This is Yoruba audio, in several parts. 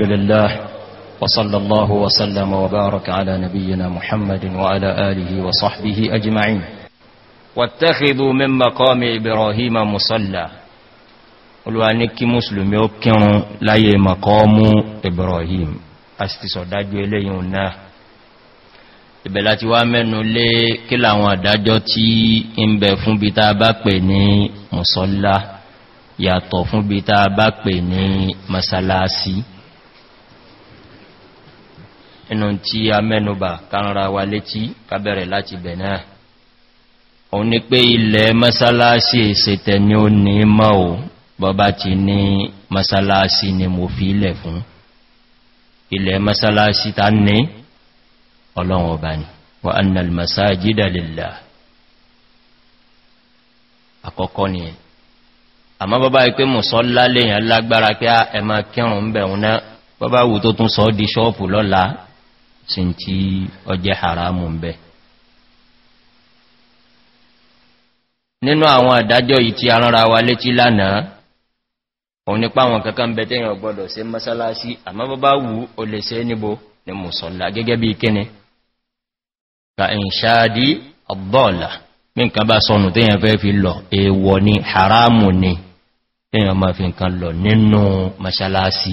الحمد لله وصلى الله وسلم وبارك على نبينا محمد وعلى آله وصحبه أجمعين واتخذوا من مقام إبراهيم مصلى قلوا أنك مسلم يبكر لأي مقام إبراهيم أستصداد إليهنا ìbẹ̀láti wá لي كلا kí làwọn بفن tí ń مصلى يا bí táa bá pè ní inú tí a mẹ́nubà kánra wa létí kábẹ̀rẹ̀ láti bẹ̀ náà òun ni pé ilẹ̀ masalasi ìsẹ̀tẹ̀ ni ó ní mọ́ ò bọ́bá ti ní masalasi ni mo fi ilẹ̀ fún ilẹ̀ masalasi ta ní ọlọ́run ọba ni wa annal masajida lillah àkọ́kọ́ ni ẹ̀ àmọ́ bọ́bá ipé mùsọ́lá lèyàn lágbára pé ẹmà kírùn-ún bẹ̀rún náà bọ́bá wù tó tún sọ di ṣọ́ọ̀pù lọ́la sí tí ọjẹ́ haramu ń bẹ nínú àwọn àdájọ́ yìí tí aránra wa létí lánàá òun nípa àwọn kankan bẹ tẹ́yàn gbọdọ̀ sí masalasi àmọ́ bọ́ bá wù ó lè ṣe níbo ni mùsọ̀lá gẹ́gẹ́ bí kíni ka ìṣáàdí ọ̀bọ́ọ̀lá mí nǹkan bá sọnù tẹ́yàn fẹ́ fi lọ èèwọ̀ ni haramu ni tẹ́yàn máa fi nǹkan lọ nínú mọ́sálásí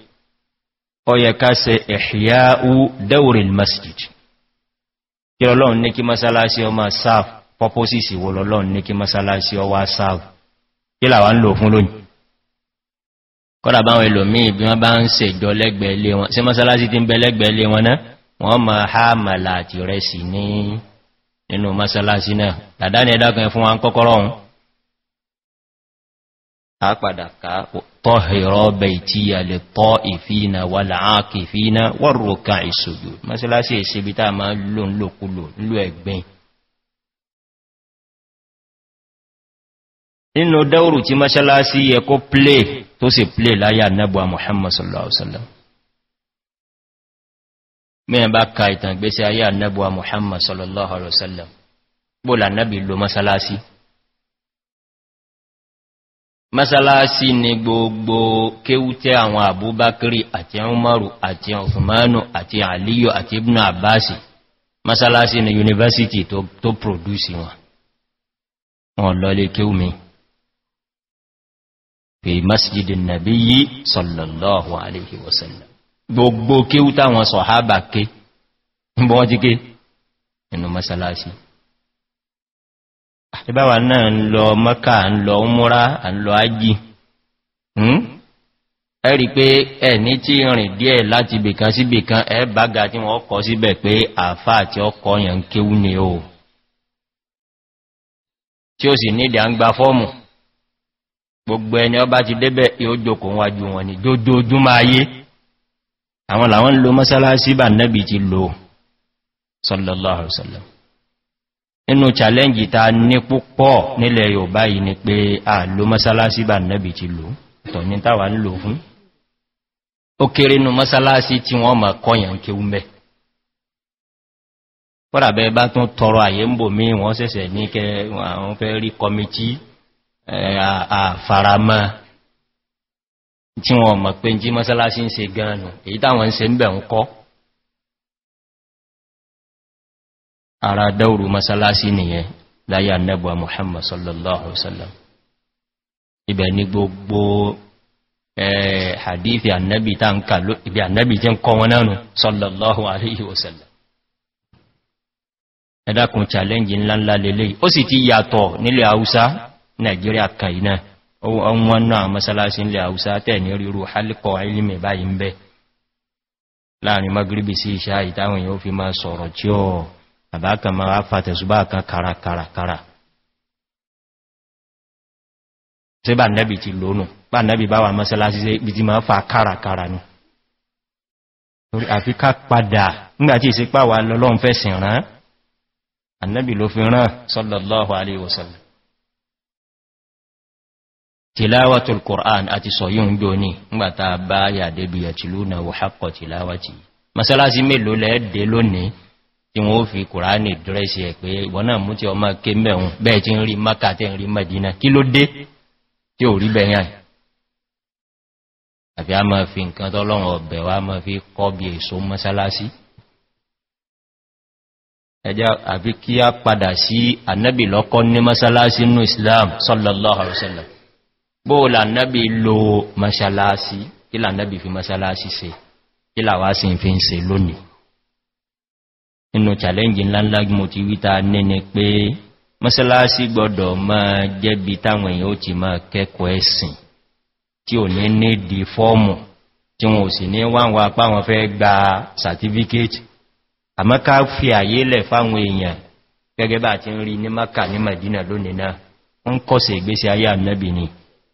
ọyẹ ká se ẹ̀hìyáú dẹ́wòrìn masjid kí ọlọ́run ní kí masalasi ọmọ sáf pọ́pọ́sìsì wọ lọ́lọ́run ní kí masalasi ọwá sáf kí làwà ń lò fún lónìí kọ́dà báwọn ẹlòmíì bí wọ́n bá ń se ìjọ lẹ́gbẹ̀ẹ́lé wọn sí masalasi ti ń bẹ lẹ́gbẹ̀ẹ́lé wọn náà wọ́n ma ha màlà àti rẹ̀ sí ní nínú masalasi náà طهر بيتي للطائفين والعاكفين والركع السجود مثلا سيسبتا ما لون لو كلو لو اغبن inu dauru ti masalasi ye ko play to se play laya nabuwa muhammad sallallahu alaihi wasallam mẹ́rin bá ka ìtàn gbésí ayé annabuwa muhammad sallallahu alaihi wasallam mẹ́sàlásí ni gbogbo kéwútẹ́ àwọn àbúbákírí àti ọmọrù àti ọ̀fùmánù àti àlíyọ àti ibùn àbáṣì mẹ́sàlásí ni yunifásitì tó pòdúsì wọn wọn lọlé kéwú mi fi wasallam nàbí yí sọ̀lọ̀lọ́wọ́ aléhi wọ́sẹ̀lẹ̀ gbogbo kéwútẹ́ àwọn sọ̀hábà ké ìbáwà náà ń lọ mọ́ká ń lọ múra ń lọ ájì hmm? ẹ̀rí pé ẹni tí rìn díẹ̀ láti bèkan sí bèkan ẹ bága tí wọ́n kọ síbẹ̀ pé àfá àti ọkọ̀ yàn kéwú ni o tí ó sì nídì à ń gba fọ́ọ̀mù gbogbo ẹni ọba ti débẹ̀ yóò jòkó wájú wọn ni jójójúmọ́ ayé àwọn làwọn ń sallallahu alaihi wasallam inú challenge ta ní púpọ̀ nílẹ̀ yóòbá yìí ni pé a ló mọ́sálásí bá nẹ́bì ti lò tọ̀ ní tàwà ń lò fún ó kéré nú mọ́sálásí tí wọ́n ma kọyàn kí ó mẹ́ pọ́dàbẹ́ bá tún tọrọ àyè ń bò mí wọ́n sẹ́sẹ̀ ní kẹ àwọn fẹ́ rí kọmití àfaramá tí wọ́n mọ̀ pé jí mọ́sálásí ń se gan-an èyí táwọn ń se ń bẹ̀ ń kọ́ ara dáúrù masalasi nìyẹn láyé annabuwa muhammad sallallahu ala'uwasallam ibẹ̀ ni gbogbo hadithi annabi ta n ka ibi annabi ti n kọ wọn nánu sallallahu ala'uwasallam ẹ̀dàkùn challenge ńláńlá lélẹ̀ ó sì ti yàtọ̀ nílẹ̀ haúsá nàìjíríà kan iná ọwọ́n náà masalasi nílẹ̀ haúsá tẹ̀ ní ríru hálíkọ̀ ilimi báyìí ń bẹ́ láàrin magribi sí ìṣá ìtàwọn yóò fi máa sọ̀rọ̀ tí ó àbákan ma fàtẹ̀sùbá kan kàràkàràkàrà tí bá nẹ́bì ti lónù bá nẹ́bì bá wà mọ́sálásí sí ibi tí ma fa kàràkàrà nù torí àfíká padà nígbàtí ìsepá wà lọ́lọ́n fẹ́ sìn rán annabi ló fi rán sallallahu alaihi wasallam tilawatul qur'an àti soyun joni ngbata ba ya debi ya tiluna wa haqqo tilawati masalasi melo le de loni tí wọ́n fi kùránì dírẹ́sì ẹ̀ pé ìwọ̀n náà mú tí ọmọ ké mẹ́un bẹ́ẹ̀ tí ń rí maka tí ń rí mẹ́dínà kí ló dé tí ò rí bẹ̀yàn àfi a máa fi nǹkan tọ́lọ́run ọ̀bẹ̀ wá máa fi kọ́ bí èso mọ́sálásí ẹjá àfi kí a padà sí ànábì lọ́kọ́ ní mọ́sálásí nú islam sọ́lọ́lọ́ inú challenge ńláńlá mo ti wíta nínú pé mọ́sálásí gbọdọ̀ máa jẹ́bi táwọn èèyàn ó ti máa kẹ́kọ̀ọ́ ẹ̀sìn tí ò ní ní di fọ́ọ̀mù tí wọn ò sì ní wáwọn apá wọn fẹ́ gba certificate àmọ́ ká fi àyé lẹ̀ fáwọn èèyàn gẹ́gẹ́ bá ti ń rí ní maka ní madina lónìí náà wọ́n kọ́sẹ̀ ìgbésí ayé ànábì ni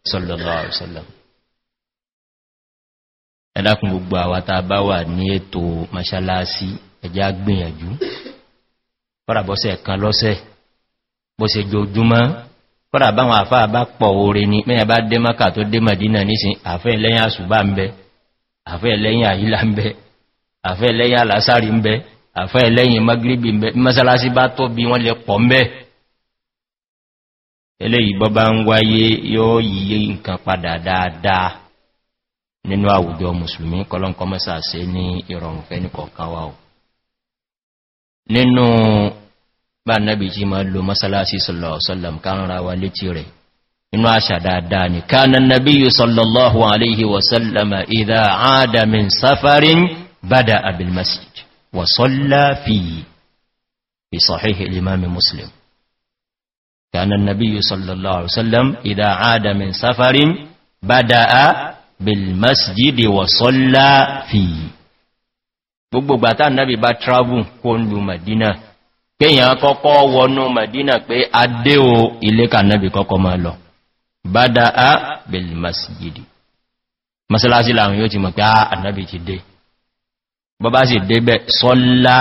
sọ́lọ́lọ́ ẹjá gbìyànjú fọ́ràbọ́sẹ̀ kan lọ́sẹ̀ bó se jojúmọ́ fọ́rà báwọn àfáà bá pọ̀ oore ni mẹ́yàn bá dé mọ́kà tó dé mọ̀dínà nísin àfẹ́ lẹ́yìn àṣùbá ń bẹ àfẹ́ lẹ́yìn àyílá ń bẹ àfẹ́ lẹ́yìn àlásàrí ń bẹ àfẹ́ lẹ́yìn magribi ń bẹ mọ́sálásí bá tó bí wọ́n lè pọ̀ ń bẹ́ eléyìí bọ́ bá wa o nínú bá nábi jí ma lò masalasi sallallahu kan rawa létí rẹ̀ inú àṣà dáadáa ni kánan nábi yìí sallallahu alaihi wasallama idha adamin safarin bada abil masjid wa sallafi fi sahihi limami muslim kánan nábi yìí sallallahu alaihi wasallam idha adamin safarin bada abil masjid wa sallafi gbogbo gbàtà náàbì bá travel kó ń lu mẹ̀dínà kíyàn kọ́kọ́ wọnú mẹ̀dínà pé a dé o ilé kà náàbì kọ́kọ́ ma lọ bada a bèlì masjidi masalasi láwọn yóò ti mọ̀ pé a náàbì ti dé bọ́bá sì débẹ̀ sọ́lá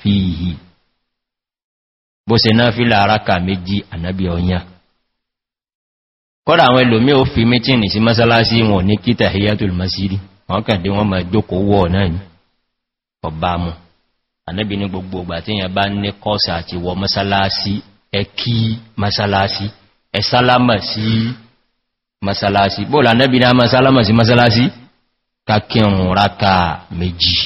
fìhì bó se náà fílà araka méjì ànábì ọ̀yá kọ́dà àwọn ẹlòmí ó fi mítíni sí masalasi wọn ní kítà hiyatul masjidi wọ́n kàdé wọ́n ma jókòó wọ́ náà ni ọ̀bámu ànẹ́bì ní gbogbo ìgbà tí yẹn bá ní kọ́ọ̀sì àti wọ masalasi, ẹkí mọ́sálásí ẹsálámà sí masalasi, bóòlù ànẹ́bì ní a mọ́sálámà sí mọ́sálásí kákẹrùn ráka méjì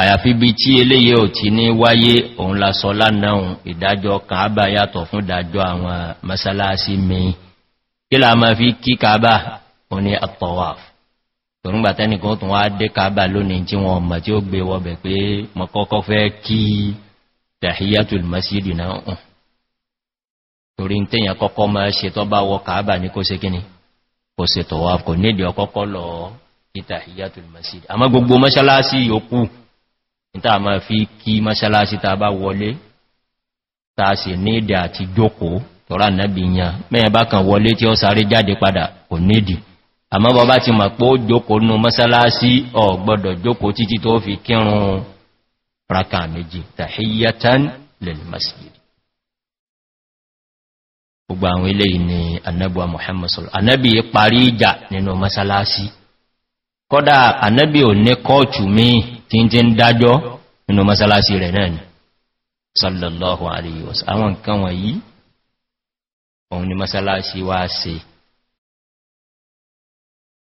àyàfi bí tí eléyẹ ò ti ní wáyé òun la sọ lánàáhùn ìdájọ́ kan yàtọ̀ fún ìdájọ́ àwọn mọ́sálásí mi kí la máa fi kí kaaba òun ni àtọ̀wàfù pẹ̀lúgbà tẹ́nìkan tún wá dé kàbà lónìí tí wọn mọ̀ tí ó gbé wọ́bẹ̀ pé mọ̀kọ́kọ́ fẹ́ kí tàhíyàtù masjid náà hùn torí tẹ́yàn kọ́kọ́ ma ṣe tọ́ bá wọ kàbà ní kó ṣe kíni kò ṣe tọ̀wà kò nídi ọkọ́kọ́ lọ kí tàhíyàtù masjid àmọ́ gbogbo mọ́ṣálásí yòókù níta ma fi kí mọ́ṣálásí àmọ́ bọ́bá ti mọ̀ pé ó jókòó nú mọ́sálásí ọ̀gbọ́dọ̀ jókòó títí tó fi kírun raka méjì tàhíyàtán lèlmasìlì gbogbo àwọn ilé ìní annabuwa muhammad sọ̀rọ̀ annabi yí parí ìjà nínú mọ́sálásí kọ́dá annabi ò ní kọ́ọ̀tù mi tí ń ti ń dájọ́ nínú mọ́sálásí rẹ̀ náà ni